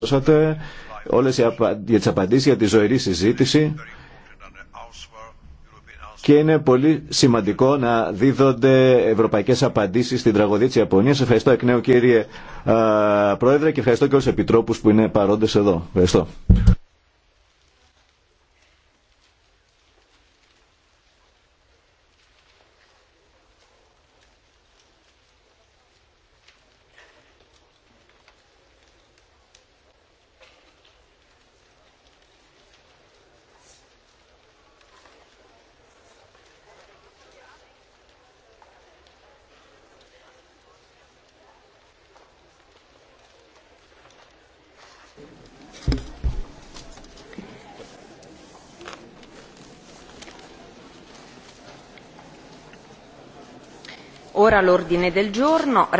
δώσατε, όλες οι απα... για τις απαντήσεις, για τη ζωηρή συζήτηση και είναι πολύ σημαντικό να δίδονται ευρωπαϊκές απαντήσεις στην τραγωδία της Ιαπωνίας. Ευχαριστώ εκ νέου κύριε Πρόεδρε και ευχαριστώ και όλους τους επιτρόπους που είναι παρόντες εδώ. Ευχαριστώ.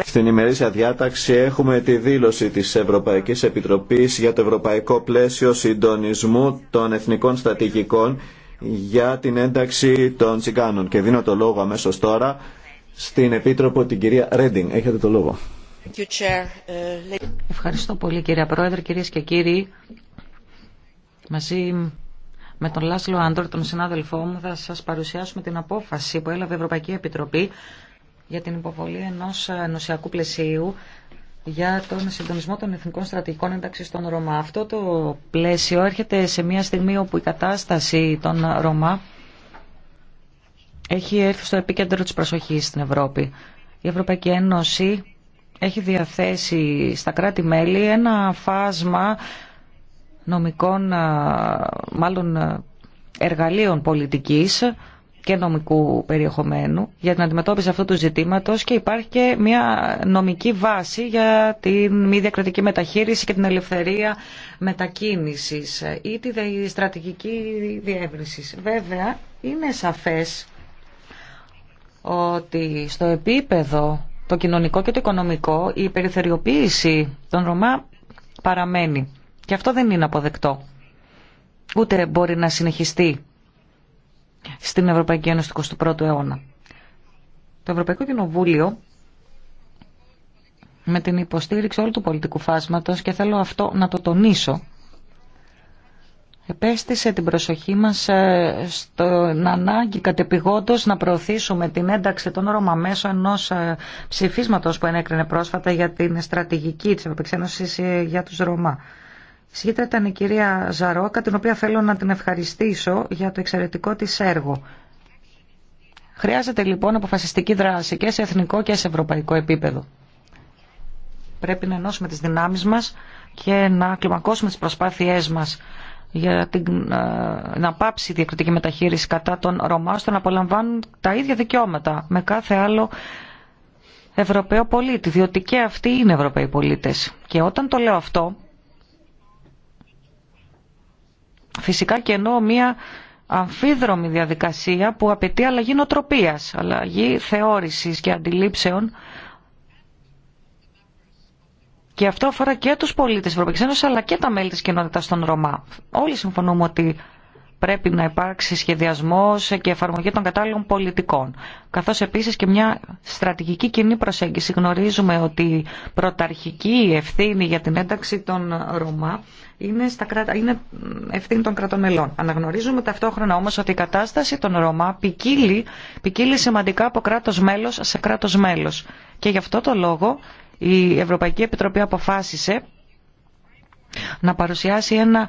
Στην ημερήσια διάταξη έχουμε τη δήλωση της Ευρωπαϊκής Επιτροπής για το Ευρωπαϊκό Πλαίσιο Συντονισμού των Εθνικών Στρατηγικών για την ένταξη των τσιγκάνων. Και δίνω το λόγο αμέσως τώρα στην Επίτροπο την κυρία Ρέντινγκ. Έχετε το λόγο. Ε, Ευχαριστώ πολύ κυρία Πρόεδρε, κυρίες και κύριοι. Μαζί με τον Λάσλο Άντορ, τον συνάδελφό μου, θα σας παρουσιάσουμε την απόφαση που έλαβε η Ευρωπαϊκή Επιτροπή για την υποβολή ενός ενωσιακού πλαισίου για τον συντονισμό των εθνικών στρατηγικών ένταξη των Ρωμά. Αυτό το πλαίσιο έρχεται σε μια στιγμή όπου η κατάσταση των Ρωμά έχει έρθει στο επίκεντρο της προσοχής στην Ευρώπη. Η Ευρωπαϊκή Ένωση έχει διαθέσει στα κράτη-μέλη ένα φάσμα νομικών, μάλλον εργαλείων πολιτικής, και νομικού περιεχομένου για την αντιμετώπιση αυτού του ζητήματος και υπάρχει και μια νομική βάση για την μη διακριτική μεταχείριση και την ελευθερία μετακίνησης ή τη στρατηγική διεύρυνση. Βέβαια, είναι σαφές ότι στο επίπεδο το κοινωνικό και το οικονομικό η περιθεριοποίηση των Ρωμά παραμένει. Και αυτό δεν είναι αποδεκτό. Ούτε μπορεί να συνεχιστεί στην Ευρωπαϊκή Ένωση του 21ου αιώνα. Το Ευρωπαϊκό Κοινοβούλιο με την υποστήριξη όλου του πολιτικού φάσματος και θέλω αυτό να το τονίσω επέστησε την προσοχή μας ε, στον ανάγκη κατεπηγόντως να προωθήσουμε την ένταξη των Ρώμα μέσω ενός ε, ψηφίσματος που ενέκρινε πρόσφατα για την στρατηγική της Ευρωπαϊκής Ένωσης ε, για τους Ρωμά. Σήμερα ήταν η κυρία Ζαρόκα, την οποία θέλω να την ευχαριστήσω για το εξαιρετικό της έργο. Χρειάζεται λοιπόν αποφασιστική δράση και σε εθνικό και σε ευρωπαϊκό επίπεδο. Πρέπει να ενώσουμε τις δυνάμεις μας και να κλιμακώσουμε τις προσπάθειές μας για την, ε, να πάψει η διακριτική μεταχείριση κατά των Ρωμά, ώστε να απολαμβάνουν τα ίδια δικαιώματα με κάθε άλλο Ευρωπαίο πολίτη, διότι και αυτοί είναι Ευρωπαίοι πολίτες. Και όταν το λέω αυτό, φυσικά και εννοώ μία αμφίδρομη διαδικασία που απαιτεί αλλαγή νοτροπίας, αλλαγή θεώρησης και αντιλήψεων και αυτό αφορά και τους πολίτες της Ευρωπαϊκής Ένωσης αλλά και τα μέλη της κοινότητας των Ρωμά. Όλοι συμφωνούμε ότι πρέπει να υπάρξει σχεδιασμός και εφαρμογή των κατάλληλων πολιτικών. Καθώς επίσης και μια στρατηγική κοινή προσέγγιση. Γνωρίζουμε ότι η πρωταρχική ευθύνη για την ένταξη των Ρωμά είναι, στα ευθύνη των κρατών μελών. Αναγνωρίζουμε ταυτόχρονα όμως ότι η κατάσταση των Ρωμά ποικίλει, ποικίλει σημαντικά από κράτος μέλος σε κράτος μέλος. Και γι' αυτό το λόγο η Ευρωπαϊκή Επιτροπή αποφάσισε να παρουσιάσει ένα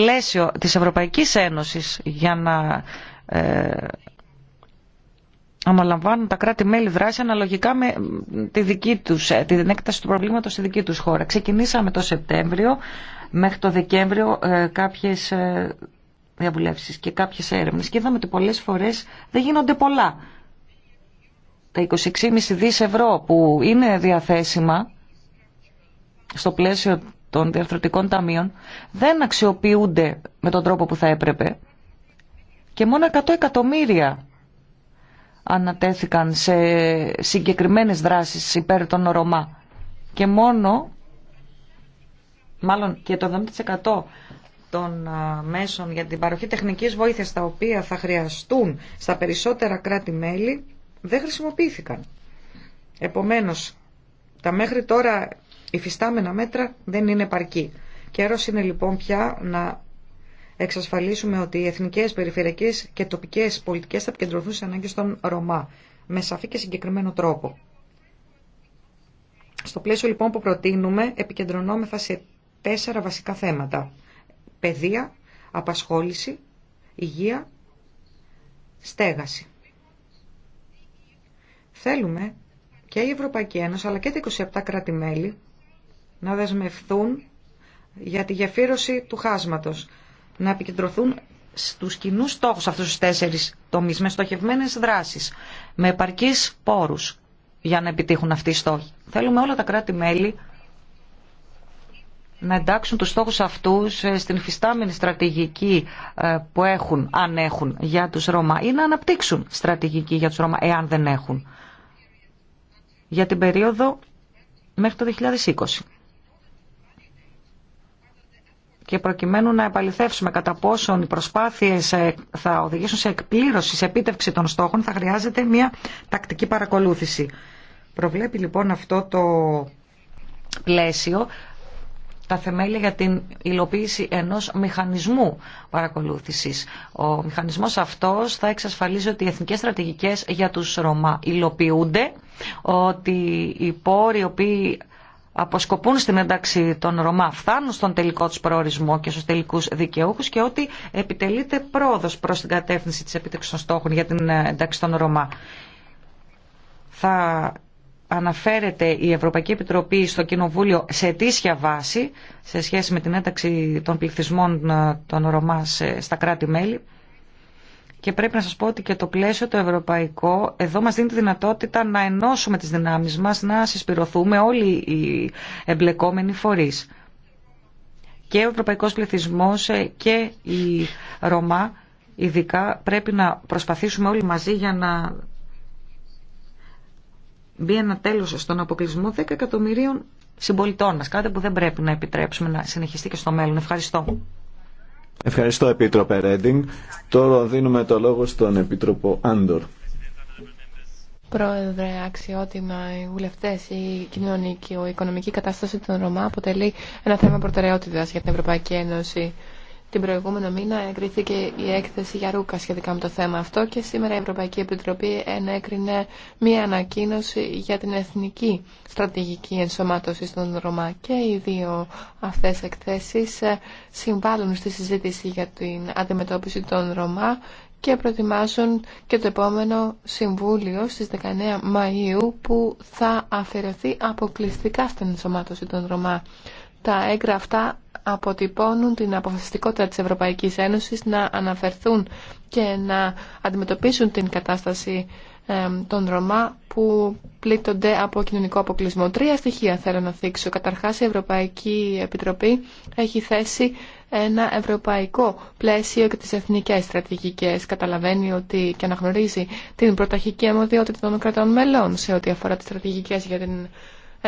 πλαίσιο της Ευρωπαϊκής Ένωσης για να ε, τα κράτη-μέλη δράση αναλογικά με τη δική τους, ε, την έκταση του προβλήματος στη δική τους χώρα. Ξεκινήσαμε το Σεπτέμβριο μέχρι το Δεκέμβριο ε, κάποιες ε, διαβουλεύσεις και κάποιες έρευνες και είδαμε ότι πολλές φορές δεν γίνονται πολλά. Τα 26,5 δις ευρώ που είναι διαθέσιμα στο πλαίσιο των διαρθρωτικών ταμείων δεν αξιοποιούνται με τον τρόπο που θα έπρεπε και μόνο 100 εκατομμύρια ανατέθηκαν σε συγκεκριμένες δράσεις υπέρ των Ρωμά και μόνο μάλλον και το 70% των μέσων για την παροχή τεχνικής βοήθειας τα οποία θα χρειαστούν στα περισσότερα κράτη-μέλη δεν χρησιμοποιήθηκαν. Επομένως, τα μέχρι τώρα υφιστάμενα μέτρα δεν είναι επαρκή. Καιρός είναι λοιπόν πια να εξασφαλίσουμε ότι οι εθνικές, περιφερειακές και τοπικές πολιτικές θα επικεντρωθούν σε ανάγκες των Ρωμά με σαφή και συγκεκριμένο τρόπο. Στο πλαίσιο λοιπόν που προτείνουμε επικεντρωνόμεθα σε τέσσερα βασικά θέματα. Παιδεία, απασχόληση, υγεία, στέγαση. Θέλουμε και η Ευρωπαϊκή Ένωση αλλά και τα 27 κράτη-μέλη να δεσμευθούν για τη γεφύρωση του χάσματος, να επικεντρωθούν στους κοινούς στόχους αυτούς τους τέσσερις τομείς, με στοχευμένες δράσεις, με επαρκείς πόρους για να επιτύχουν αυτοί οι στόχοι. Θέλουμε όλα τα κράτη-μέλη να εντάξουν τους στόχους αυτούς ε, στην φυστάμενη στρατηγική ε, που έχουν, αν έχουν, για τους Ρώμα ή να αναπτύξουν στρατηγική για τους Ρώμα, εάν δεν έχουν, για την περίοδο μέχρι το 2020 και προκειμένου να επαληθεύσουμε κατά πόσον οι προσπάθειες ε, θα οδηγήσουν σε εκπλήρωση, σε επίτευξη των στόχων, θα χρειάζεται μια τακτική παρακολούθηση. Προβλέπει λοιπόν αυτό το πλαίσιο τα θεμέλια για την υλοποίηση ενός μηχανισμού παρακολούθησης. Ο μηχανισμός αυτός θα εξασφαλίζει ότι οι εθνικές στρατηγικές για τους Ρωμά υλοποιούνται, ότι οι πόροι οποίοι αποσκοπούν στην ένταξη των Ρωμά φτάνουν στον τελικό τους προορισμό και στους τελικούς δικαιούχους και ότι επιτελείται πρόοδος προς την κατεύθυνση της επίτευξης των στόχων για την ε, ένταξη των Ρωμά. Θα αναφέρεται η Ευρωπαϊκή Επιτροπή στο Κοινοβούλιο σε αιτήσια βάση σε σχέση με την ένταξη των πληθυσμών ε, των Ρωμά στα κράτη-μέλη και πρέπει να σας πω ότι και το πλαίσιο το ευρωπαϊκό εδώ μας δίνει τη δυνατότητα να ενώσουμε τις δυνάμεις μας, να συσπηρωθούμε όλοι οι εμπλεκόμενοι φορείς. Και ο ευρωπαϊκός πληθυσμός ε, και η Ρωμά ειδικά πρέπει να προσπαθήσουμε όλοι μαζί για να μπει ένα τέλος στον αποκλεισμό 10 εκατομμυρίων συμπολιτών μας. Κάτι που δεν πρέπει να επιτρέψουμε να συνεχιστεί και στο μέλλον. Ευχαριστώ. Ευχαριστώ Επίτροπε Ρέντινγκ. Τώρα δίνουμε το λόγο στον Επίτροπο Άντορ. Πρόεδρε, αξιότιμα οι βουλευτέ, η κοινωνική, η οικονομική κατάσταση των Ρωμά αποτελεί ένα θέμα προτεραιότητα για την Ευρωπαϊκή Ένωση. Την προηγούμενη μήνα εγκρίθηκε η έκθεση για ρούκα σχετικά με το θέμα αυτό και σήμερα η Ευρωπαϊκή Επιτροπή ενέκρινε μία ανακοίνωση για την εθνική στρατηγική ενσωμάτωση των Ρωμά και οι δύο αυτές εκθέσεις ε, συμβάλλουν στη συζήτηση για την αντιμετώπιση των Ρωμά και προετοιμάζουν και το επόμενο Συμβούλιο στις 19 Μαΐου που θα αφαιρεθεί αποκλειστικά στην ενσωμάτωση των Ρωμά. Τα έγκρα αυτά αποτυπώνουν την αποφασιστικότητα της Ευρωπαϊκής Ένωσης να αναφερθούν και να αντιμετωπίσουν την κατάσταση ε, των Ρωμά που πλήττονται από κοινωνικό αποκλεισμό. Τρία στοιχεία θέλω να θίξω. Καταρχάς η Ευρωπαϊκή Επιτροπή έχει θέσει ένα ευρωπαϊκό πλαίσιο και τις εθνικές στρατηγικές. Καταλαβαίνει ότι και αναγνωρίζει την πρωταρχική αιμοδιότητα των κρατών μελών σε ό,τι αφορά τις στρατηγικές για την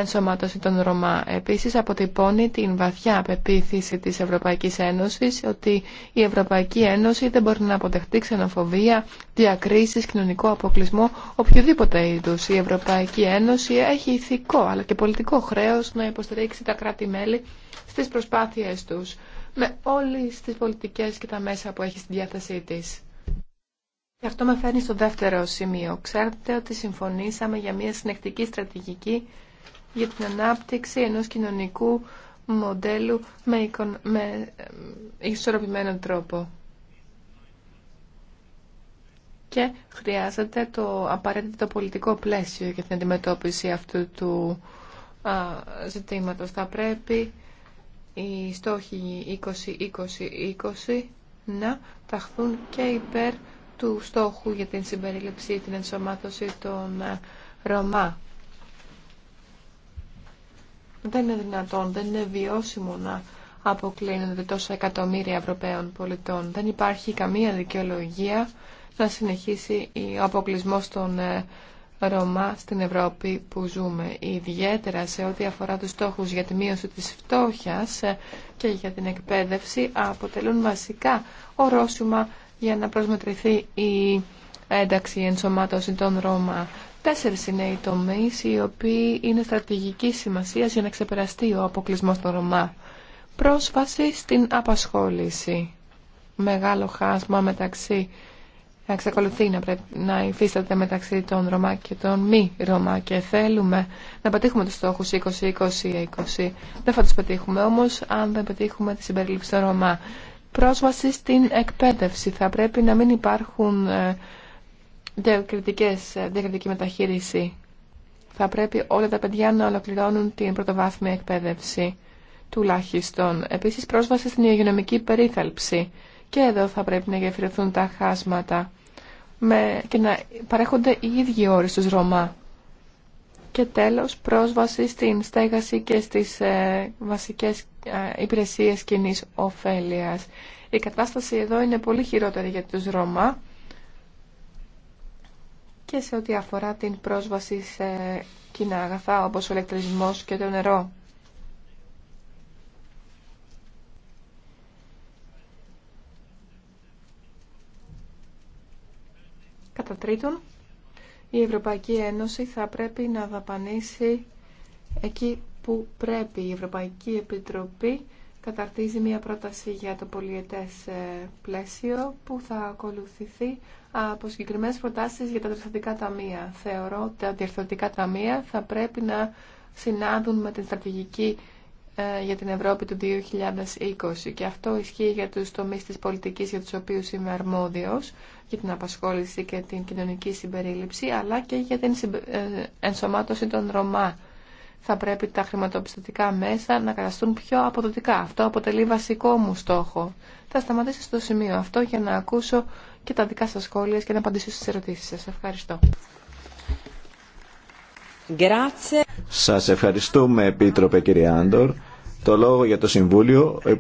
ενσωμάτωση των Ρωμά. Επίσης αποτυπώνει την βαθιά πεποίθηση της Ευρωπαϊκής Ένωσης ότι η Ευρωπαϊκή Ένωση δεν μπορεί να αποτεχτεί ξενοφοβία, διακρίσεις, κοινωνικό αποκλεισμό, οποιοδήποτε είδους. Η Ευρωπαϊκή Ένωση έχει ηθικό αλλά και πολιτικό χρέος να υποστηρίξει τα κράτη-μέλη στις προσπάθειές τους με όλες τις πολιτικές και τα μέσα που έχει στη διάθεσή της. Και αυτό με φέρνει στο δεύτερο σημείο. Ξέρετε ότι συμφωνήσαμε για μια συνεκτική στρατηγική για την ανάπτυξη ενός κοινωνικού μοντέλου με, με ε, ισορροπημένο τρόπο. Και χρειάζεται το απαραίτητο πολιτικό πλαίσιο για την αντιμετώπιση αυτού του α, ζητήματος. Θα πρέπει οι στόχοι 20-20-20 να ταχθούν και υπέρ του στόχου για την συμπερίληψη την ενσωμάτωση των ε, Ρωμά. Δεν είναι δυνατόν, δεν είναι βιώσιμο να αποκλίνονται τόσα εκατομμύρια Ευρωπαίων πολιτών. Δεν υπάρχει καμία δικαιολογία να συνεχίσει ο αποκλεισμό των ε, Ρωμά στην Ευρώπη που ζούμε. Ιδιαίτερα σε ό,τι αφορά τους στόχους για τη μείωση της φτώχειας ε, και για την εκπαίδευση αποτελούν βασικά ορόσημα για να προσμετρηθεί η ένταξη ενσωμάτωση των Ρώμα. Τέσσερις είναι οι τομείς οι οποίοι είναι στρατηγικής σημασίας για να ξεπεραστεί ο αποκλεισμός των Ρωμά. Πρόσβαση στην απασχόληση. Μεγάλο χάσμα μεταξύ να εξακολουθεί να, πρέπει, να υφίσταται μεταξύ των Ρωμά και των μη Ρωμά και θέλουμε να πετύχουμε τους στόχους 20-20-20. Δεν θα τους πετύχουμε όμως αν δεν πετύχουμε τη συμπερίληψη των Ρωμά. Πρόσβαση στην εκπαίδευση. Θα πρέπει να μην υπάρχουν ε, ε, διακριτική μεταχείριση. Θα πρέπει όλα τα παιδιά να ολοκληρώνουν την πρωτοβάθμια εκπαίδευση τουλάχιστον. Επίσης πρόσβαση στην υγειονομική περίθαλψη. Και εδώ θα πρέπει να γεφυρωθούν τα χάσματα με, και να παρέχονται οι ίδιοι όροι στους Ρωμά. Και τέλος, πρόσβαση στην στέγαση και στις ε, βασικές ε, υπηρεσίες κοινή ωφέλειας. Η κατάσταση εδώ είναι πολύ χειρότερη για τους Ρωμά και σε ό,τι αφορά την πρόσβαση σε κοινά αγαθά όπως ο ηλεκτρισμός και το νερό. Κατά τρίτον, η Ευρωπαϊκή Ένωση θα πρέπει να δαπανίσει εκεί που πρέπει η Ευρωπαϊκή Επιτροπή καταρτίζει μια πρόταση για το πολιετές ε, πλαίσιο που θα ακολουθηθεί από συγκεκριμένε προτάσεις για τα διορθωτικά ταμεία. Θεωρώ ότι τα διορθωτικά ταμεία θα πρέπει να συνάδουν με την στρατηγική ε, για την Ευρώπη του 2020 και αυτό ισχύει για τους τομείς της πολιτικής για τους οποίους είμαι αρμόδιος για την απασχόληση και την κοινωνική συμπερίληψη αλλά και για την ε, ενσωμάτωση των Ρωμά θα πρέπει τα χρηματοπιστωτικά μέσα να καταστούν πιο αποδοτικά. Αυτό αποτελεί βασικό μου στόχο. Θα σταματήσω στο σημείο αυτό για να ακούσω και τα δικά σας σχόλια και να απαντήσω στις ερωτήσεις σας. Ευχαριστώ. Σας ευχαριστούμε, Επίτροπε, κύριε Άντορ. Το λόγο για το Συμβούλιο, ο ε, η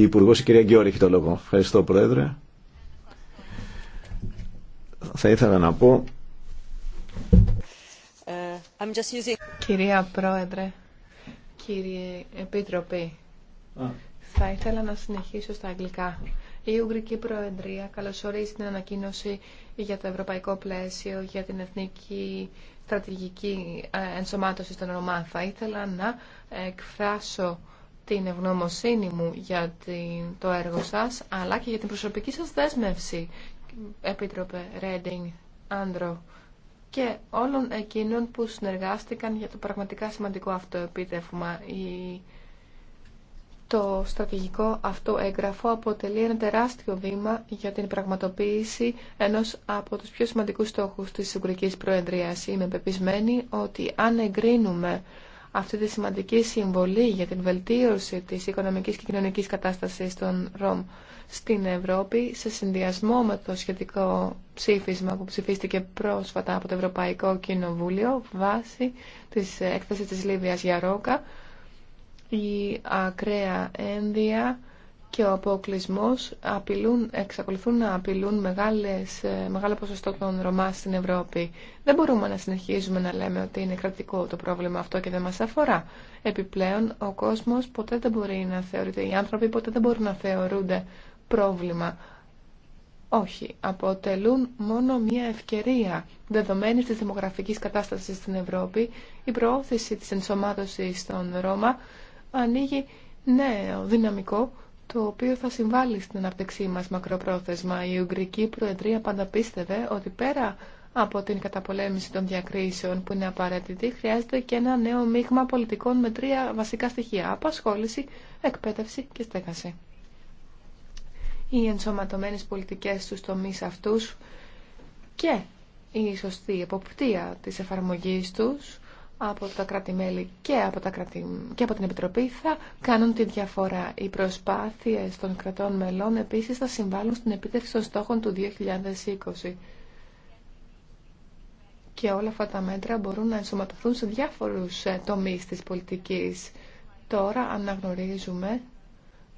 Υπουργός, η κυρία Γκιόρη, έχει το λόγο. Ευχαριστώ, Πρόεδρε. Θα ήθελα να πω Κυρία Πρόεδρε, κύριε Επίτροπη, θα ήθελα να συνεχίσω στα αγγλικά. Η Ουγγρική Προεδρία καλωσορίζει την ανακοίνωση για το ευρωπαϊκό πλαίσιο, για την εθνική στρατηγική ε, ενσωμάτωση των Ρωμά. Θα ήθελα να εκφράσω την ευγνωμοσύνη μου για το έργο σας, αλλά και για την προσωπική σας δέσμευση, Επίτροπε Ρέντινγκ, Άντρο και όλων εκείνων που συνεργάστηκαν για το πραγματικά σημαντικό αυτό επίτευγμα. Το στρατηγικό αυτό έγγραφο αποτελεί ένα τεράστιο βήμα για την πραγματοποίηση ενός από τους πιο σημαντικούς στόχους της Ουγγρικής Προεδρίας. Είμαι πεπισμένη ότι αν εγκρίνουμε αυτή τη σημαντική συμβολή για την βελτίωση της οικονομικής και κοινωνικής κατάστασης των ΡΟΜ στην Ευρώπη σε συνδυασμό με το σχετικό ψήφισμα που ψηφίστηκε πρόσφατα από το Ευρωπαϊκό Κοινοβούλιο βάσει της έκθεσης της Λίβιας για Ρόκα η ακραία ένδια και ο αποκλεισμό εξακολουθούν να απειλούν μεγάλες, ε, μεγάλο ποσοστό των Ρωμά στην Ευρώπη. Δεν μπορούμε να συνεχίζουμε να λέμε ότι είναι κρατικό το πρόβλημα αυτό και δεν μα αφορά. Επιπλέον, ο κόσμο ποτέ δεν μπορεί να θεωρείται, οι άνθρωποι ποτέ δεν μπορούν να θεωρούνται πρόβλημα. Όχι, αποτελούν μόνο μια ευκαιρία. Δεδομένη τη δημογραφική κατάσταση στην Ευρώπη, η προώθηση τη ενσωμάτωση των Ρώμα ανοίγει νέο δυναμικό το οποίο θα συμβάλλει στην αναπτυξή μας μακροπρόθεσμα. Η Ουγγρική Προεδρία πάντα πίστευε ότι πέρα από την καταπολέμηση των διακρίσεων που είναι απαραίτητη, χρειάζεται και ένα νέο μείγμα πολιτικών με τρία βασικά στοιχεία. Απασχόληση, εκπαίδευση και στέγαση. Οι ενσωματωμένες πολιτικές στους τομείς αυτούς και η σωστή εποπτεία της εφαρμογής τους από τα κράτη-μέλη και, από κράτη, και από την Επιτροπή θα κάνουν τη διαφορά. Οι προσπάθειες των κρατών μελών επίσης θα συμβάλλουν στην επίτευξη των στόχων του 2020. Και όλα αυτά τα μέτρα μπορούν να ενσωματωθούν σε διάφορους ε, τομείς της πολιτικής. Τώρα αναγνωρίζουμε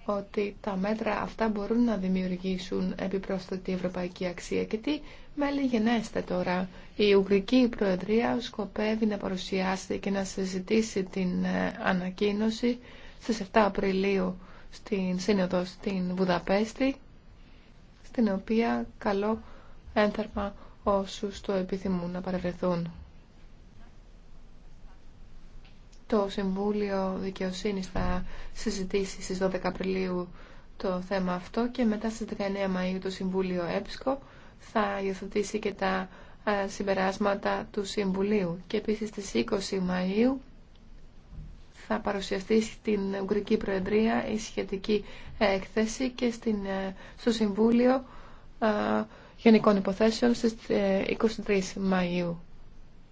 ότι τα μέτρα αυτά μπορούν να δημιουργήσουν επιπρόσθετη ευρωπαϊκή αξία. Και τι μέλη γενέστε τώρα. Η Ουγγρική Προεδρία σκοπεύει να παρουσιάσει και να συζητήσει την ε, ανακοίνωση στις 7 Απριλίου στην Σύνοδο στην Βουδαπέστη, στην οποία καλό ένθαρμα όσους το επιθυμούν να παρευρεθούν. Το Συμβούλιο Δικαιοσύνης θα συζητήσει στις 12 Απριλίου το θέμα αυτό και μετά στις 19 Μαΐου το Συμβούλιο ΕΠΣΚΟ θα υιοθετήσει και τα ε, συμπεράσματα του Συμβουλίου. Και επίσης στις 20 Μαΐου θα παρουσιαστεί στην Ουγγρική Προεδρία η σχετική έκθεση και στην, ε, στο Συμβούλιο ε, Γενικών Υποθέσεων στις 23 Μαΐου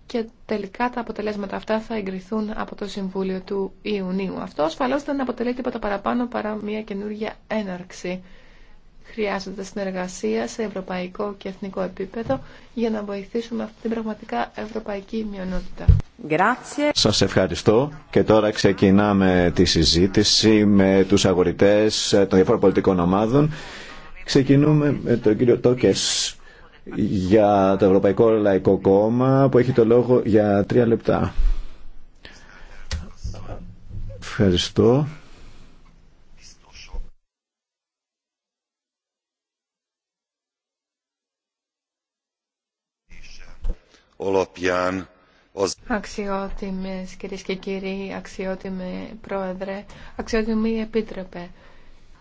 και τελικά τα αποτελέσματα αυτά θα εγκριθούν από το Συμβούλιο του Ιουνίου. Αυτό ασφαλώς δεν αποτελεί τίποτα παραπάνω παρά μια καινούργια έναρξη. Χρειάζεται συνεργασία σε ευρωπαϊκό και εθνικό επίπεδο για να βοηθήσουμε αυτή την πραγματικά ευρωπαϊκή μειονότητα. Σας ευχαριστώ και τώρα ξεκινάμε τη συζήτηση με τους αγορητές των διαφόρων ομάδων. Ξεκινούμε με τον κύριο Τόκες για το Ευρωπαϊκό Λαϊκό Κόμμα που έχει το λόγο για τρία λεπτά. Ευχαριστώ. Αξιότιμες κυρίες και κύριοι, αξιότιμε πρόεδρε, αξιότιμοι επίτρεπε.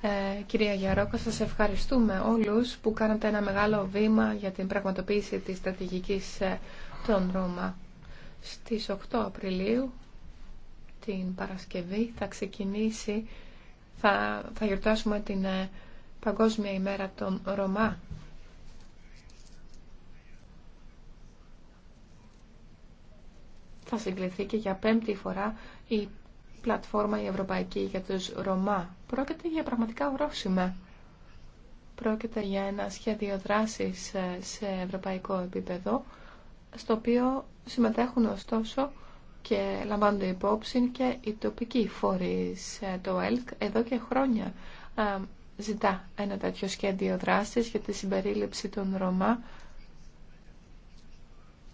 Ε, κυρία Γιαρόκα, σας ευχαριστούμε όλους που κάνατε ένα μεγάλο βήμα για την πραγματοποίηση της στρατηγικής ε, των Ρώμα. Στις 8 Απριλίου, την Παρασκευή, θα ξεκινήσει, θα, θα γιορτάσουμε την ε, Παγκόσμια ημέρα των Ρωμά. Θα συγκληθεί και για πέμπτη φορά η πλατφόρμα η Ευρωπαϊκή για τους Ρωμά Πρόκειται για πραγματικά ορόσημα. Πρόκειται για ένα σχέδιο δράσης ε, σε ευρωπαϊκό επίπεδο, στο οποίο συμμετέχουν ωστόσο και λαμβάνονται υπόψη και οι τοπικοί φορείς. Ε, το ΕΛΚ εδώ και χρόνια ε, ζητά ένα τέτοιο σχέδιο δράσης για τη συμπερίληψη των Ρωμά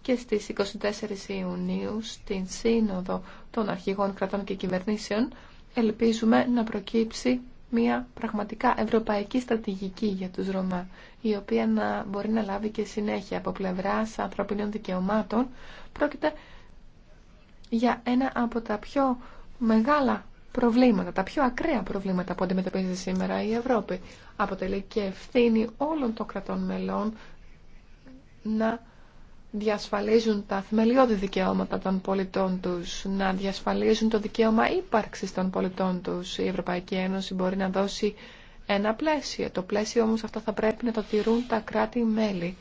και στις 24 Ιουνίου στην Σύνοδο των Αρχηγών Κρατών και Κυβερνήσεων ελπίζουμε να προκύψει μια πραγματικά ευρωπαϊκή στρατηγική για τους Ρωμά, η οποία να μπορεί να λάβει και συνέχεια από πλευρά ανθρωπινών δικαιωμάτων. Πρόκειται για ένα από τα πιο μεγάλα προβλήματα, τα πιο ακραία προβλήματα που αντιμετωπίζει σήμερα η Ευρώπη. Αποτελεί και ευθύνη όλων των κρατών μελών να διασφαλίζουν τα θεμελιώδη δικαιώματα των πολιτών τους, να διασφαλίζουν το δικαίωμα ύπαρξης των πολιτών τους. Η Ευρωπαϊκή Ένωση μπορεί να δώσει ένα πλαίσιο. Το πλαίσιο όμως αυτό θα πρέπει να το τηρούν τα κράτη-μέλη.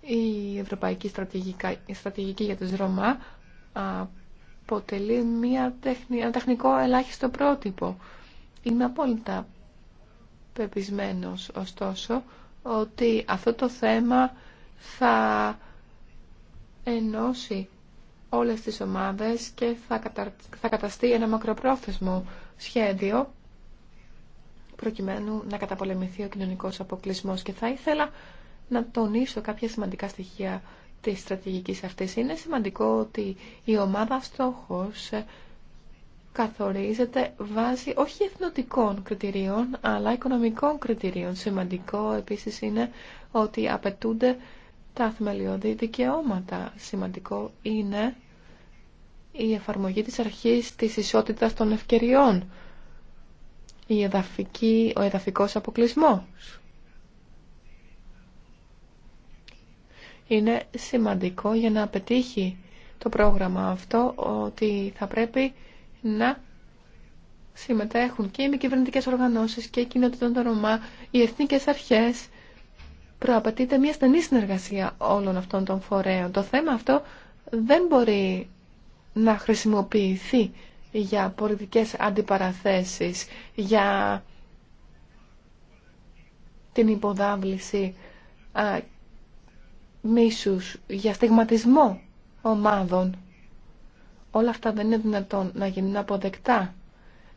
Η Ευρωπαϊκή η Στρατηγική για τους Ρωμά αποτελεί μια ένα τεχνικό ελάχιστο πρότυπο. Είμαι απόλυτα πεπισμένος ωστόσο ότι αυτό το θέμα θα ενώσει όλες τις ομάδες και θα, θα καταστεί ένα μακροπρόθεσμο σχέδιο προκειμένου να καταπολεμηθεί ο κοινωνικός αποκλεισμός. Και θα ήθελα να τονίσω κάποια σημαντικά στοιχεία της στρατηγικής αυτής. Είναι σημαντικό ότι η ομάδα στόχος καθορίζεται βάσει όχι εθνοτικών κριτηρίων, αλλά οικονομικών κριτηρίων. Σημαντικό επίσης είναι ότι απαιτούνται τα θεμελιώδη δικαιώματα. Σημαντικό είναι η εφαρμογή της αρχής της ισότητας των ευκαιριών, η εδαφική, ο εδαφικός αποκλεισμός. Είναι σημαντικό για να πετύχει το πρόγραμμα αυτό ότι θα πρέπει να συμμετέχουν και οι μη κυβερνητικές οργανώσεις και οι κοινότητα των Ρωμά, οι εθνικές αρχές, προαπαιτείται μια στενή συνεργασία όλων αυτών των φορέων. Το θέμα αυτό δεν μπορεί να χρησιμοποιηθεί για πολιτικές αντιπαραθέσεις, για την υποδάβληση α, μίσους, για στιγματισμό ομάδων. Όλα αυτά δεν είναι δυνατόν να γίνουν αποδεκτά.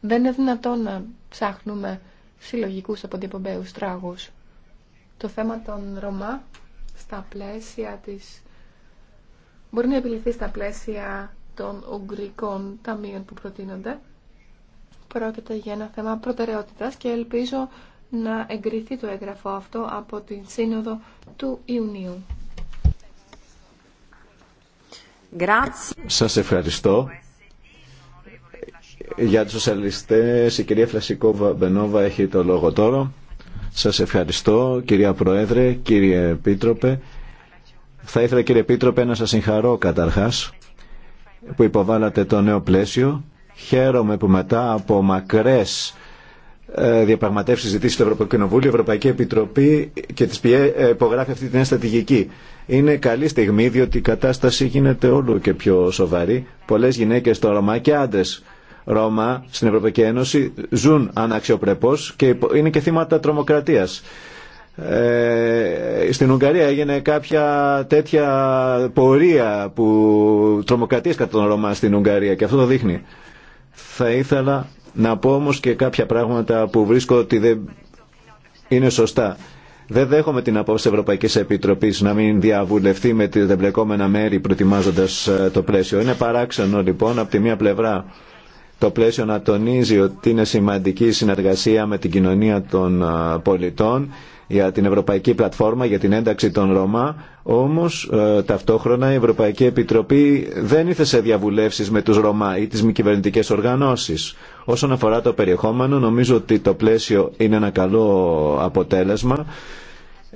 Δεν είναι δυνατόν να ψάχνουμε συλλογικούς αποτυπωμένους τράγους το θέμα των Ρωμά στα πλαίσια της... μπορεί να επιληθεί στα πλαίσια των Ουγγρικών ταμείων που προτείνονται. Πρόκειται για ένα θέμα προτεραιότητας και ελπίζω να εγκριθεί το έγγραφο αυτό από την Σύνοδο του Ιουνίου. Σας ευχαριστώ. Για τους σοσιαλιστές, η κυρία Φλασικόβα Μπενόβα έχει το λόγο τώρα. Σας ευχαριστώ κυρία Προέδρε, κύριε Επίτροπε. Θα ήθελα κύριε Επίτροπε να σας συγχαρώ καταρχάς που υποβάλατε το νέο πλαίσιο. Χαίρομαι που μετά από μακρές ε, διαπραγματεύσει ζητήσει στο Ευρωπαϊκό Κοινοβούλιο, η Ευρωπαϊκή Επιτροπή και της ΠΙΕ υπογράφει αυτή την στρατηγική. Είναι καλή στιγμή διότι η κατάσταση γίνεται όλο και πιο σοβαρή. Πολλέ γυναίκε τώρα, μα και Ρώμα στην Ευρωπαϊκή Ένωση ζουν αναξιοπρεπώς και είναι και θύματα τρομοκρατίας. Ε, στην Ουγγαρία έγινε κάποια τέτοια πορεία που τρομοκρατίες κατά τον Ρώμα στην Ουγγαρία και αυτό το δείχνει. Θα ήθελα να πω όμως και κάποια πράγματα που βρίσκω ότι δεν είναι σωστά. Δεν δέχομαι την απόψη Ευρωπαϊκή Επιτροπή να μην διαβουλευτεί με τα δεμπλεκόμενα μέρη προετοιμάζοντα ε, το πλαίσιο. Είναι παράξενο λοιπόν από τη μία πλευρά το πλαίσιο να τονίζει ότι είναι σημαντική συνεργασία με την κοινωνία των πολιτών για την Ευρωπαϊκή Πλατφόρμα για την ένταξη των Ρωμά, όμως ε, ταυτόχρονα η Ευρωπαϊκή Επιτροπή δεν ήθεσε σε διαβουλεύσεις με τους Ρωμά ή τις μη κυβερνητικέ οργανώσεις. Όσον αφορά το περιεχόμενο, νομίζω ότι το πλαίσιο είναι ένα καλό αποτέλεσμα.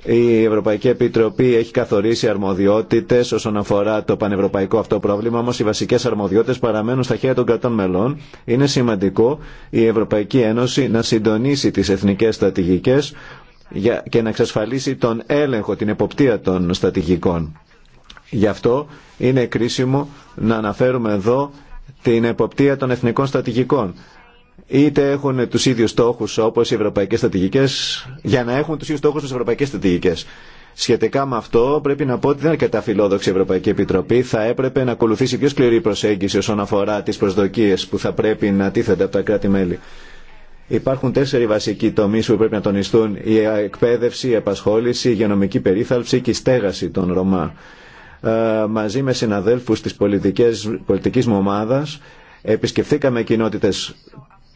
Η Ευρωπαϊκή Επιτροπή έχει καθορίσει αρμοδιότητε όσον αφορά το πανευρωπαϊκό αυτό πρόβλημα, όμω οι βασικέ αρμοδιότητε παραμένουν στα χέρια των κρατών μελών. Είναι σημαντικό η Ευρωπαϊκή Ένωση να συντονίσει τι εθνικέ στρατηγικέ και να εξασφαλίσει τον έλεγχο, την εποπτεία των στρατηγικών. Γι' αυτό είναι κρίσιμο να αναφέρουμε εδώ την εποπτεία των εθνικών στρατηγικών είτε έχουν τους ίδιους στόχους όπως οι ευρωπαϊκές στρατηγικές για να έχουν τους ίδιους στόχους όπως οι ευρωπαϊκές στρατηγικές. Σχετικά με αυτό πρέπει να πω ότι δεν είναι αρκετά φιλόδοξη η Ευρωπαϊκή Επιτροπή. Θα έπρεπε να ακολουθήσει πιο σκληρή προσέγγιση όσον αφορά τις προσδοκίες που θα πρέπει να τίθενται από τα κράτη-μέλη. Υπάρχουν τέσσερι βασικοί τομεί που πρέπει να τονιστούν. Η εκπαίδευση, η απασχόληση, η υγειονομική περίθαλψη και η στέγαση των Ρωμά. Ε, μαζί με συναδέλφου τη πολιτική μου ομάδα επισκεφθήκαμε κοινότητε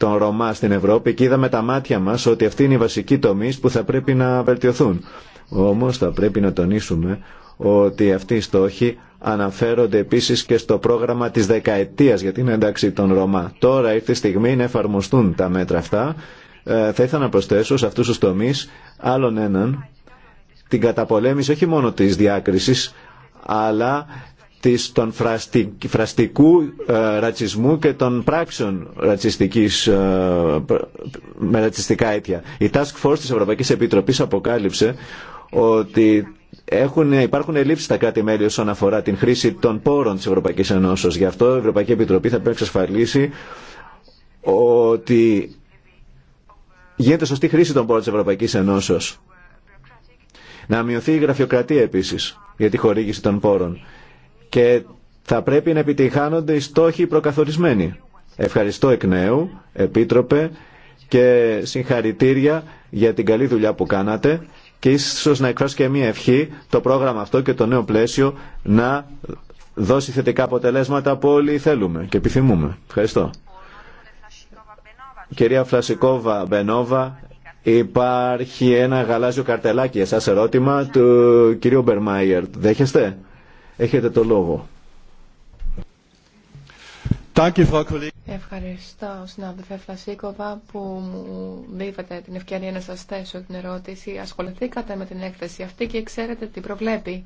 τον Ρωμά στην Ευρώπη και είδαμε τα μάτια μα ότι αυτή είναι η βασική τομή που θα πρέπει να βελτιωθούν. Όμω θα πρέπει να τονίσουμε ότι αυτοί οι στόχοι αναφέρονται επίσης και στο πρόγραμμα της δεκαετίας για την ένταξη των Ρωμά. Τώρα ήρθε η στιγμή να εφαρμοστούν τα μέτρα αυτά. Ε, θα ήθελα να προσθέσω σε αυτούς τους τομεί άλλον έναν την καταπολέμηση όχι μόνο της διάκρισης αλλά της, των φραστικού ε, ρατσισμού και των πράξεων ρατσιστικής, ε, με ρατσιστικά αίτια. Η Task Force της Ευρωπαϊκής Επιτροπής αποκάλυψε ότι έχουν, υπάρχουν ελλείψεις στα κράτη-μέλη όσον αφορά την χρήση των πόρων της Ευρωπαϊκής Ενώσεως. Γι' αυτό η Ευρωπαϊκή Επιτροπή θα πρέπει να εξασφαλίσει ότι γίνεται σωστή χρήση των πόρων της Ευρωπαϊκής Ενώσεως. Να μειωθεί η γραφειοκρατία επίσης για τη χορήγηση των πόρων και θα πρέπει να επιτυχάνονται οι στόχοι προκαθορισμένοι. Ευχαριστώ εκ νέου, Επίτροπε, και συγχαρητήρια για την καλή δουλειά που κάνατε και ίσως να εκφράσω και μία ευχή το πρόγραμμα αυτό και το νέο πλαίσιο να δώσει θετικά αποτελέσματα που όλοι θέλουμε και επιθυμούμε. Ευχαριστώ. Κυρία Φλασικόβα Μπενόβα, υπάρχει ένα γαλάζιο καρτελάκι σας ερώτημα του κυρίου Μπερμάιερ. Δέχεστε? Έχετε το λόγο. Ευχαριστώ, συνάδελφε Φλασίκοβα, που μου δίδατε την ευκαιρία να σας θέσω την ερώτηση. Ασχοληθήκατε με την έκθεση αυτή και ξέρετε τι προβλέπει.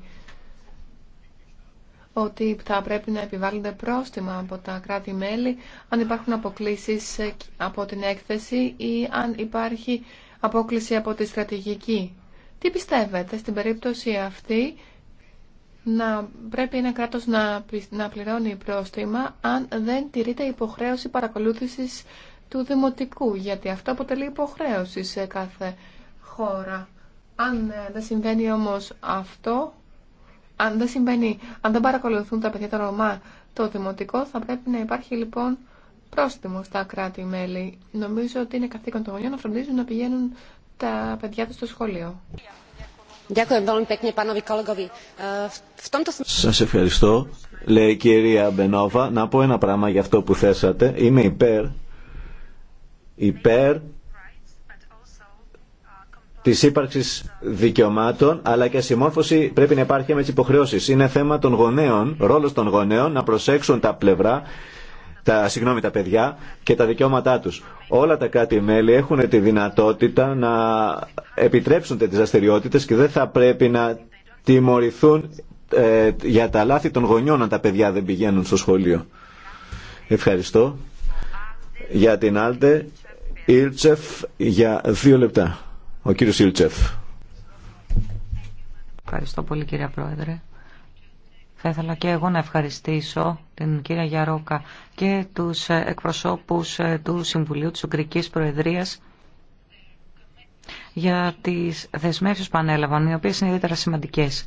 Ότι θα πρέπει να επιβάλλονται πρόστιμα από τα κράτη-μέλη αν υπάρχουν αποκλήσεις από την έκθεση ή αν υπάρχει απόκληση από τη στρατηγική. Τι πιστεύετε στην περίπτωση αυτή να πρέπει ένα κράτος να, να πληρώνει πρόστιμα αν δεν τηρείται υποχρέωση παρακολούθησης του δημοτικού, γιατί αυτό αποτελεί υποχρέωση σε κάθε χώρα. Αν ε, δεν συμβαίνει όμως αυτό, αν δεν, συμβαίνει, αν δεν παρακολουθούν τα παιδιά των Ρωμά το δημοτικό, θα πρέπει να υπάρχει λοιπόν πρόστιμο στα κράτη-μέλη. Νομίζω ότι είναι καθήκον των γονιών να φροντίζουν να πηγαίνουν τα παιδιά τους στο σχολείο. E, Σας ευχαριστώ, λέει η κυρία Μπενόβα. Να πω ένα πράγμα για αυτό που θέσατε. Είμαι υπέρ, υπέρ της ύπαρξης δικαιωμάτων, αλλά και συμμόρφωση πρέπει να υπάρχει με τις υποχρεώσεις. Είναι θέμα των γονέων, ρόλος των γονέων να προσέξουν τα πλευρά τα, συγγνώμη, τα παιδιά και τα δικαιώματά τους. Όλα τα κράτη-μέλη έχουν τη δυνατότητα να επιτρέψουν τις δραστηριότητες και δεν θα πρέπει να τιμωρηθούν ε, για τα λάθη των γονιών αν τα παιδιά δεν πηγαίνουν στο σχολείο. Ευχαριστώ. Για την Άλτε, Ήλτσεφ για δύο λεπτά. Ο κύριος Ήλτσεφ. Ευχαριστώ πολύ κύριε Πρόεδρε. Θα ήθελα και εγώ να ευχαριστήσω την κυρία Γιαρόκα και τους εκπροσώπους ε, του Συμβουλίου της Ουγγρικής Προεδρίας για τις δεσμεύσεις που ανέλαβαν, οι οποίες είναι ιδιαίτερα σημαντικές.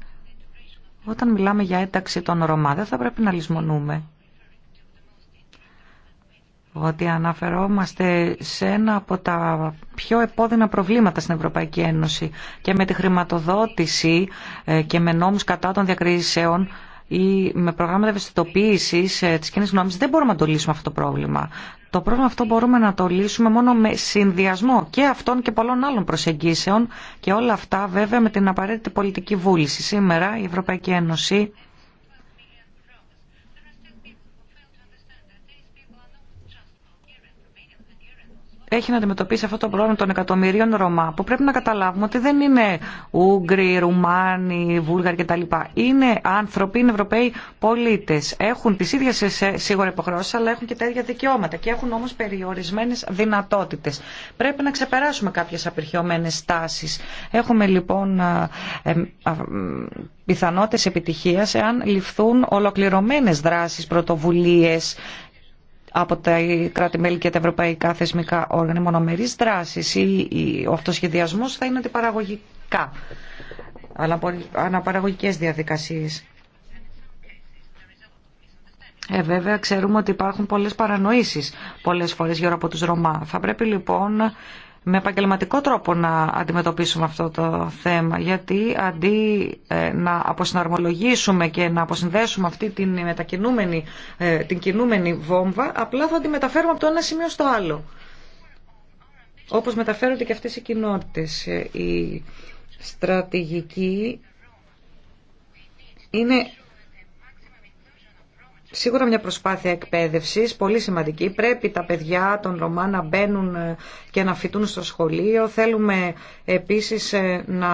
Όταν μιλάμε για ένταξη των Ρωμά, δεν θα πρέπει να λησμονούμε ότι αναφερόμαστε σε ένα από τα πιο επώδυνα προβλήματα στην Ευρωπαϊκή Ένωση και με τη χρηματοδότηση ε, και με νόμους κατά των διακρίσεων ή με προγράμματα ευαισθητοποίηση ε, τη κοινή γνώμη δεν μπορούμε να το λύσουμε αυτό το πρόβλημα. Το πρόβλημα αυτό μπορούμε να το λύσουμε μόνο με συνδυασμό και αυτών και πολλών άλλων προσεγγίσεων και όλα αυτά βέβαια με την απαραίτητη πολιτική βούληση. Σήμερα η Ευρωπαϊκή Ένωση έχει να αντιμετωπίσει αυτό το πρόβλημα των εκατομμυρίων Ρωμά, που πρέπει να καταλάβουμε ότι δεν είναι Ούγγροι, Ρουμάνοι, Βούλγαροι κτλ. Είναι άνθρωποι, είναι Ευρωπαίοι πολίτε. Έχουν τι ίδιε σίγουρα υποχρεώσει, αλλά έχουν και τα ίδια δικαιώματα και έχουν όμω περιορισμένε δυνατότητε. Πρέπει να ξεπεράσουμε κάποιε απερχιωμένε τάσει. Έχουμε λοιπόν πιθανότητες επιτυχία εάν ληφθούν ολοκληρωμένε δράσει πρωτοβουλίε από τα κράτη-μέλη και τα ευρωπαϊκά θεσμικά όργανα. Οι δράσης ή ο αυτοσχεδιασμό θα είναι αντιπαραγωγικά, αλλά αναπαραγωγικές διαδικασίες. Ε, βέβαια, ξέρουμε ότι υπάρχουν πολλές παρανοήσεις πολλές φορές γύρω από τους Ρωμά. Θα πρέπει λοιπόν με επαγγελματικό τρόπο να αντιμετωπίσουμε αυτό το θέμα, γιατί αντί ε, να αποσυναρμολογήσουμε και να αποσυνδέσουμε αυτή την μετακινούμενη, ε, την κινούμενη βόμβα, απλά θα τη μεταφέρουμε από το ένα σημείο στο άλλο. Όπως μεταφέρονται και αυτές οι κοινότητες. Ε, η στρατηγική είναι Σίγουρα μια προσπάθεια εκπαίδευση πολύ σημαντική. Πρέπει τα παιδιά των Ρωμά να μπαίνουν ε, και να φοιτούν στο σχολείο. Θέλουμε ε, επίσης ε, να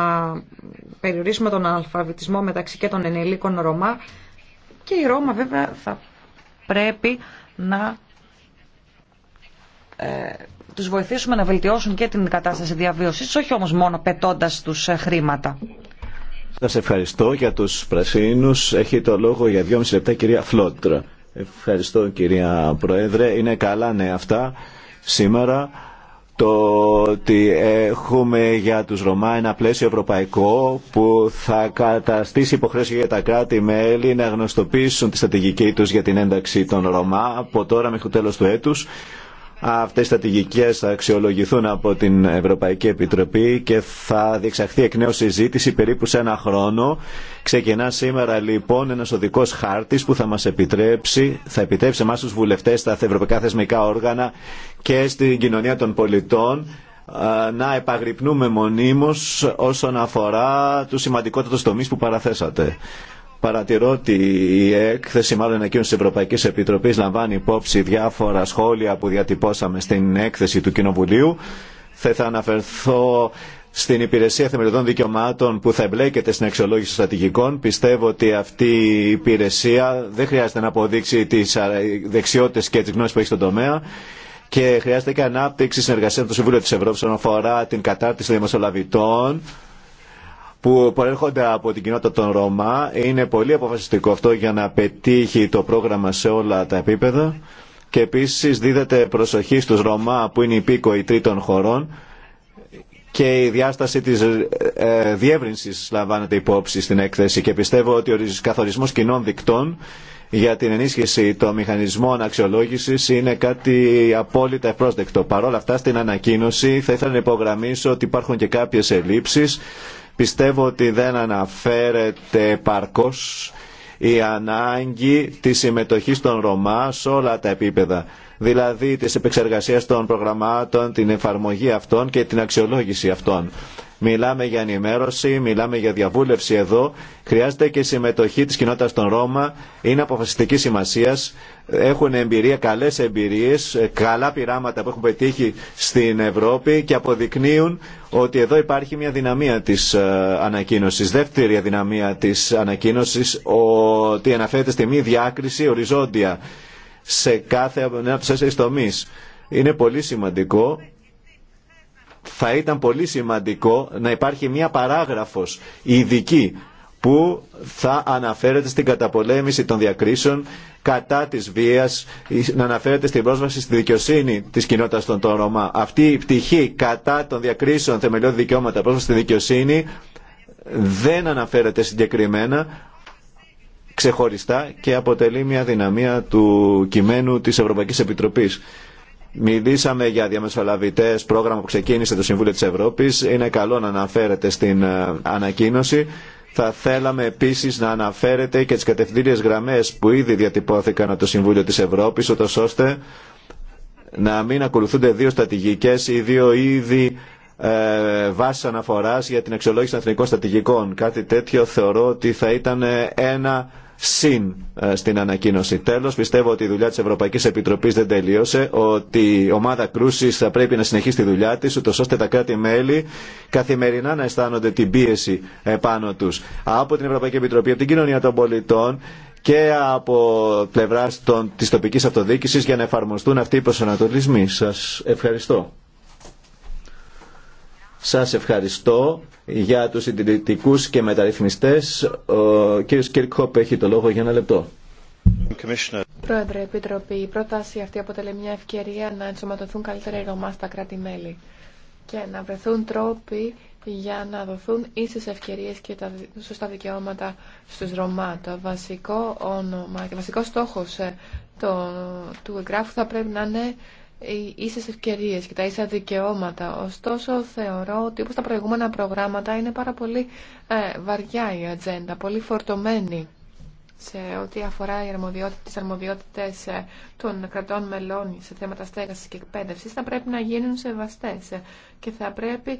περιορίσουμε τον αλφαβητισμό μεταξύ και των ενηλίκων Ρωμά. Και η Ρώμα βέβαια θα πρέπει να τους βοηθήσουμε να βελτιώσουν και την κατάσταση διαβίωσης, όχι όμως μόνο πετώντας τους χρήματα. Σας ευχαριστώ για τους πρασίνους. Έχει το λόγο για δυόμιση λεπτά κυρία Φλότρα. Ευχαριστώ κυρία Πρόεδρε. Είναι καλά ναι αυτά σήμερα το ότι έχουμε για τους Ρωμά ένα πλαίσιο ευρωπαϊκό που θα καταστήσει υποχρέωση για τα κράτη-μέλη να γνωστοποιήσουν τη στρατηγική τους για την ένταξη των Ρωμά από τώρα μέχρι το τέλος του έτους Αυτές οι στρατηγικές θα αξιολογηθούν από την Ευρωπαϊκή Επιτροπή και θα διεξαχθεί εκ νέου συζήτηση περίπου σε ένα χρόνο. Ξεκινά σήμερα λοιπόν ένας οδικός χάρτης που θα μας επιτρέψει, θα επιτρέψει εμάς τους βουλευτές στα ευρωπαϊκά θεσμικά όργανα και στην κοινωνία των πολιτών να επαγρυπνούμε μονίμως όσον αφορά τους σημαντικότερους τομείς που παραθέσατε. Παρατηρώ ότι η έκθεση μάλλον ανακοίνωση της Ευρωπαϊκής Επιτροπής λαμβάνει υπόψη διάφορα σχόλια που διατυπώσαμε στην έκθεση του Κοινοβουλίου. Θα, αναφερθώ στην υπηρεσία θεμελιωδών δικαιωμάτων που θα εμπλέκεται στην αξιολόγηση στρατηγικών. Πιστεύω ότι αυτή η υπηρεσία δεν χρειάζεται να αποδείξει τις δεξιότητες και τις γνώσεις που έχει στον τομέα και χρειάζεται και ανάπτυξη συνεργασία με το Συμβούλιο της Ευρώπης όσον αφορά την κατάρτιση δημοσιολαβητών που προέρχονται από την κοινότητα των Ρωμά. Είναι πολύ αποφασιστικό αυτό για να πετύχει το πρόγραμμα σε όλα τα επίπεδα. Και επίση, δίδεται προσοχή στους Ρωμά που είναι υπήκοοι τρίτων χωρών και η διάσταση της ε, διεύρυνσης λαμβάνεται υπόψη στην έκθεση και πιστεύω ότι ο καθορισμός κοινών δικτών για την ενίσχυση των μηχανισμών αξιολόγησης είναι κάτι απόλυτα ευπρόσδεκτο. Παρ' όλα αυτά στην ανακοίνωση θα ήθελα να υπογραμμίσω ότι υπάρχουν και κάποιες ελλείψεις Πιστεύω ότι δεν αναφέρεται επαρκώς η ανάγκη της συμμετοχής των Ρωμά σε όλα τα επίπεδα. Δηλαδή της επεξεργασίας των προγραμμάτων, την εφαρμογή αυτών και την αξιολόγηση αυτών. Μιλάμε για ενημέρωση, μιλάμε για διαβούλευση εδώ. Χρειάζεται και η συμμετοχή της κοινότητας των Ρώμα. Είναι αποφασιστική σημασίας έχουν εμπειρία, καλές εμπειρίες, ε, καλά πειράματα που έχουν πετύχει στην Ευρώπη και αποδεικνύουν ότι εδώ υπάρχει μια δυναμία της ε, ανακοίνωσης. Δεύτερη δυναμία της ανακοίνωσης ότι αναφέρεται στη μη διάκριση οριζόντια σε κάθε από ένα από τους τομείς. Είναι πολύ σημαντικό θα ήταν πολύ σημαντικό να υπάρχει μια παράγραφος ειδική που θα αναφέρεται στην καταπολέμηση των διακρίσεων κατά της βίας, να αναφέρεται στην πρόσβαση στη δικαιοσύνη της κοινότητας των, Ρωμά. Αυτή η πτυχή κατά των διακρίσεων θεμελιώδη δικαιώματα πρόσβαση στη δικαιοσύνη δεν αναφέρεται συγκεκριμένα ξεχωριστά και αποτελεί μια δυναμία του κειμένου της Ευρωπαϊκής Επιτροπής. Μιλήσαμε για διαμεσολαβητές, πρόγραμμα που ξεκίνησε το Συμβούλιο της Ευρώπης. Είναι καλό να αναφέρεται στην ε, ανακοίνωση. Θα θέλαμε επίσης να αναφέρετε και τις κατευθύντριες γραμμές που ήδη διατυπώθηκαν από το Συμβούλιο της Ευρώπης, ώστε να μην ακολουθούνται δύο στατηγικές ή δύο ήδη ε, βάσει αναφορά για την αξιολόγηση των εθνικών στρατηγικών. Κάτι τέτοιο θεωρώ ότι θα ήταν ένα συν ε, στην ανακοίνωση. Τέλο, πιστεύω ότι η δουλειά τη Ευρωπαϊκή Επιτροπή δεν τελείωσε, ότι η ομάδα κρούση θα πρέπει να συνεχίσει τη δουλειά τη, ούτω ώστε τα κράτη-μέλη καθημερινά να αισθάνονται την πίεση επάνω του Από την Ευρωπαϊκή Επιτροπή, από την κοινωνία των πολιτών, και από πλευρά τη τοπική τοπικής για να εφαρμοστούν αυτοί οι προσανατολισμοί. Σα ευχαριστώ. Σας ευχαριστώ για τους συντηρητικούς και μεταρρυθμιστές. Ο κύριος Κίρκοπ έχει το λόγο για ένα λεπτό. Πρόεδρε, Επιτροπή, η πρόταση αυτή αποτελεί μια ευκαιρία να ενσωματωθούν καλύτερα οι Ρωμά στα κράτη-μέλη και να βρεθούν τρόποι για να δοθούν ίσες ευκαιρίες και τα σωστά δικαιώματα στους Ρωμά. Το βασικό όνομα και βασικό στόχος ε, το, του εγγράφου θα πρέπει να είναι οι ε, ίσες ευκαιρίες και τα ίσα δικαιώματα. Ωστόσο, θεωρώ ότι όπως τα προηγούμενα προγράμματα είναι πάρα πολύ ε, βαριά η ατζέντα, πολύ φορτωμένη σε ό,τι αφορά οι αρμοδιότητες, τις αρμοδιότητες ε, των κρατών μελών σε θέματα στέγασης και εκπαίδευσης θα πρέπει να γίνουν σεβαστές και θα πρέπει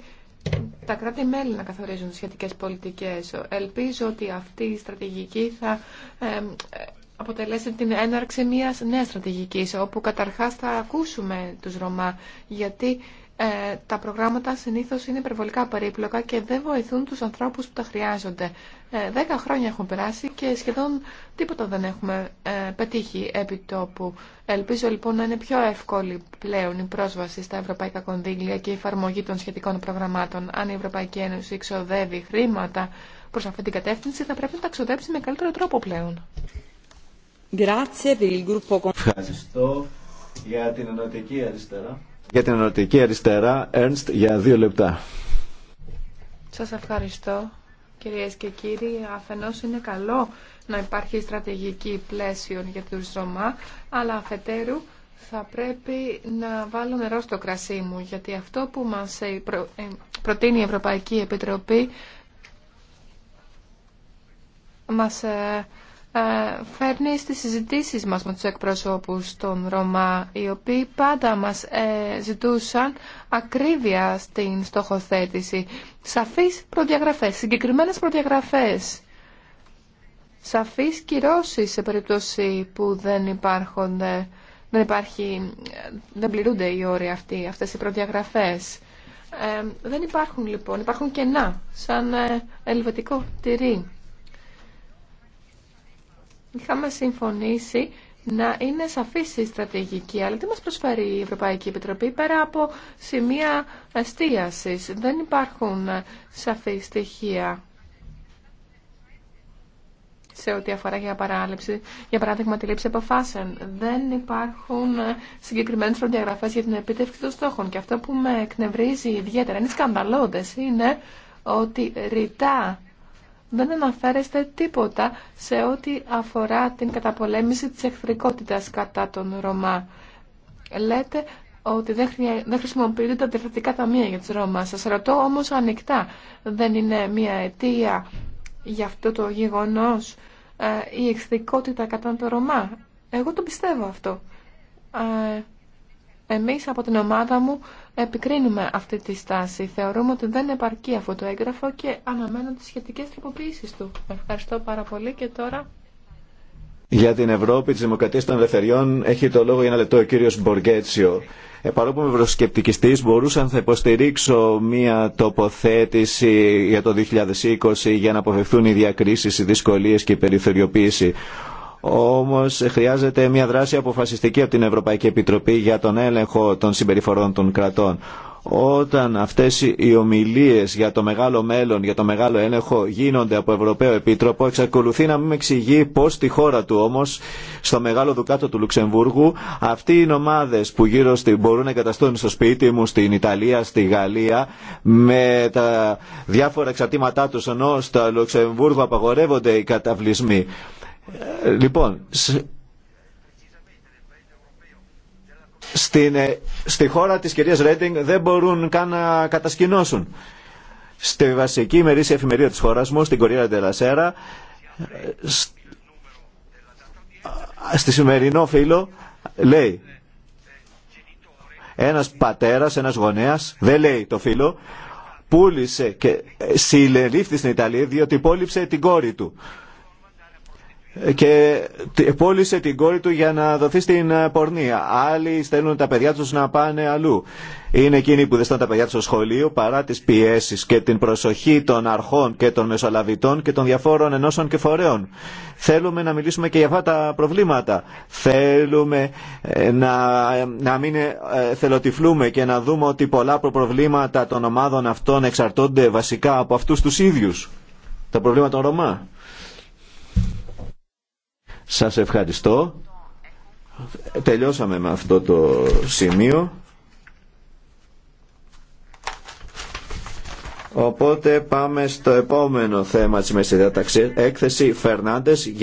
τα κράτη-μέλη να καθορίζουν σχετικές πολιτικές. Ελπίζω ότι αυτή η στρατηγική θα αποτελέσει την έναρξη μιας νέας στρατηγικής, όπου καταρχάς θα ακούσουμε τους Ρωμά, γιατί ε, τα προγράμματα συνήθως είναι υπερβολικά περίπλοκα και δεν βοηθούν τους ανθρώπους που τα χρειάζονται. Ε, δέκα χρόνια έχουν περάσει και σχεδόν τίποτα δεν έχουμε ε, πετύχει επί τόπου. Ελπίζω λοιπόν να είναι πιο εύκολη πλέον η πρόσβαση στα ευρωπαϊκά κονδύλια και η εφαρμογή των σχετικών προγραμμάτων. Αν η Ευρωπαϊκή Ένωση ξοδεύει χρήματα προς αυτή την κατεύθυνση θα πρέπει να τα ξοδέψει με καλύτερο τρόπο πλέον. Ευχαριστώ για την ενωτική αριστερά. Για την ενωτική αριστερά, Ernst, για δύο λεπτά. Σας ευχαριστώ, κυρίες και κύριοι. Αφενός είναι καλό να υπάρχει στρατηγική πλαίσιο για τους Ρωμά, αλλά αφετέρου θα πρέπει να βάλω νερό στο κρασί μου, γιατί αυτό που μας ε, ε, προτείνει η Ευρωπαϊκή Επιτροπή μας ε, ε, φέρνει στις συζητήσεις μας με τους εκπρόσωπους των Ρωμά, οι οποίοι πάντα μας ε, ζητούσαν ακρίβεια στην στοχοθέτηση, σαφείς προδιαγραφές, συγκεκριμένες προδιαγραφές, σαφείς κυρώσεις σε περίπτωση που δεν υπάρχουν, δεν, υπάρχει, δεν πληρούνται οι όροι αυτοί, αυτές οι προδιαγραφές. Ε, δεν υπάρχουν λοιπόν, υπάρχουν κενά, σαν ελβετικό τυρί είχαμε συμφωνήσει να είναι σαφής η στρατηγική, αλλά τι μας προσφέρει η Ευρωπαϊκή Επιτροπή πέρα από σημεία αστίασης. Δεν υπάρχουν σαφή στοιχεία σε ό,τι αφορά για, παράληψη, για παράδειγμα τη λήψη αποφάσεων. Δεν υπάρχουν συγκεκριμένες προδιαγραφές για την επίτευξη των στόχων και αυτό που με εκνευρίζει ιδιαίτερα, είναι σκανδαλώδες, είναι ότι ρητά δεν αναφέρεστε τίποτα σε ό,τι αφορά την καταπολέμηση της εχθρικότητας κατά τον Ρωμά. Λέτε ότι δεν χρησιμοποιείται τα διευθυντικά ταμεία για τους Ρώμα. Σας ρωτώ όμως ανοιχτά, δεν είναι μια αιτία για αυτό το γεγονός ε, η εχθρικότητα κατά τον Ρωμά. Εγώ το πιστεύω αυτό. Ε, εμείς από την ομάδα μου επικρίνουμε αυτή τη στάση. Θεωρούμε ότι δεν επαρκεί αυτό το έγγραφο και αναμένω τις σχετικές τροποποιήσεις του. Ευχαριστώ πάρα πολύ και τώρα... Για την Ευρώπη τη Δημοκρατία των Ελευθεριών έχει το λόγο για ένα λεπτό ο κύριο Μποργέτσιο. Ε, παρόλο που είμαι ευρωσκεπτικιστή, μπορούσα να θα υποστηρίξω μία τοποθέτηση για το 2020 για να αποφευθούν οι διακρίσει, οι δυσκολίε και η περιθωριοποίηση. Όμω χρειάζεται μια δράση αποφασιστική από την Ευρωπαϊκή Επιτροπή για τον έλεγχο των συμπεριφορών των κρατών. Όταν αυτέ οι ομιλίε για το μεγάλο μέλλον, για το μεγάλο έλεγχο γίνονται από Ευρωπαίο Επίτροπο, εξακολουθεί να μην εξηγεί πώ στη χώρα του όμω στο μεγάλο δουκάτο του Λουξεμβούργου, αυτοί οι ομάδες που γύρω στη, μπορούν να εγκαταστούν στο σπίτι μου, στην Ιταλία, στη Γαλλία, με τα διάφορα εξαρτήματά του ενώ στο Λουξεμβούργο απαγορεύονται οι καταβλισμοί. Ε, λοιπόν, στην, ε, στη χώρα της κυρίας Ρέντινγκ δεν μπορούν καν να κατασκηνώσουν. Στη βασική ημερήσια εφημερίδα της χώρας μου, στην Κορία Ντελασέρα, ε, στη σημερινό φίλο λέει ένας πατέρας, ένας γονέας, δεν λέει το φίλο, πούλησε και συλλελήφθη στην Ιταλία διότι υπόλοιψε την κόρη του και πώλησε την κόρη του για να δοθεί στην ε, πορνεία. Άλλοι στέλνουν τα παιδιά τους να πάνε αλλού. Είναι εκείνοι που δεν τα παιδιά τους στο σχολείο παρά τις πιέσεις και την προσοχή των αρχών και των μεσολαβητών και των διαφόρων ενώσεων και φορέων. Θέλουμε να μιλήσουμε και για αυτά τα προβλήματα. Θέλουμε ε, να, ε, να μην θελοτυφλούμε και να δούμε ότι πολλά προβλήματα των ομάδων αυτών εξαρτώνται βασικά από αυτούς τους ίδιους. Τα προβλήματα των Ρωμά σας ευχαριστώ. Τελειώσαμε με αυτό το σημείο. Οπότε πάμε στο επόμενο θέμα της μεσηδιάταξης. Έκθεση Φερνάντες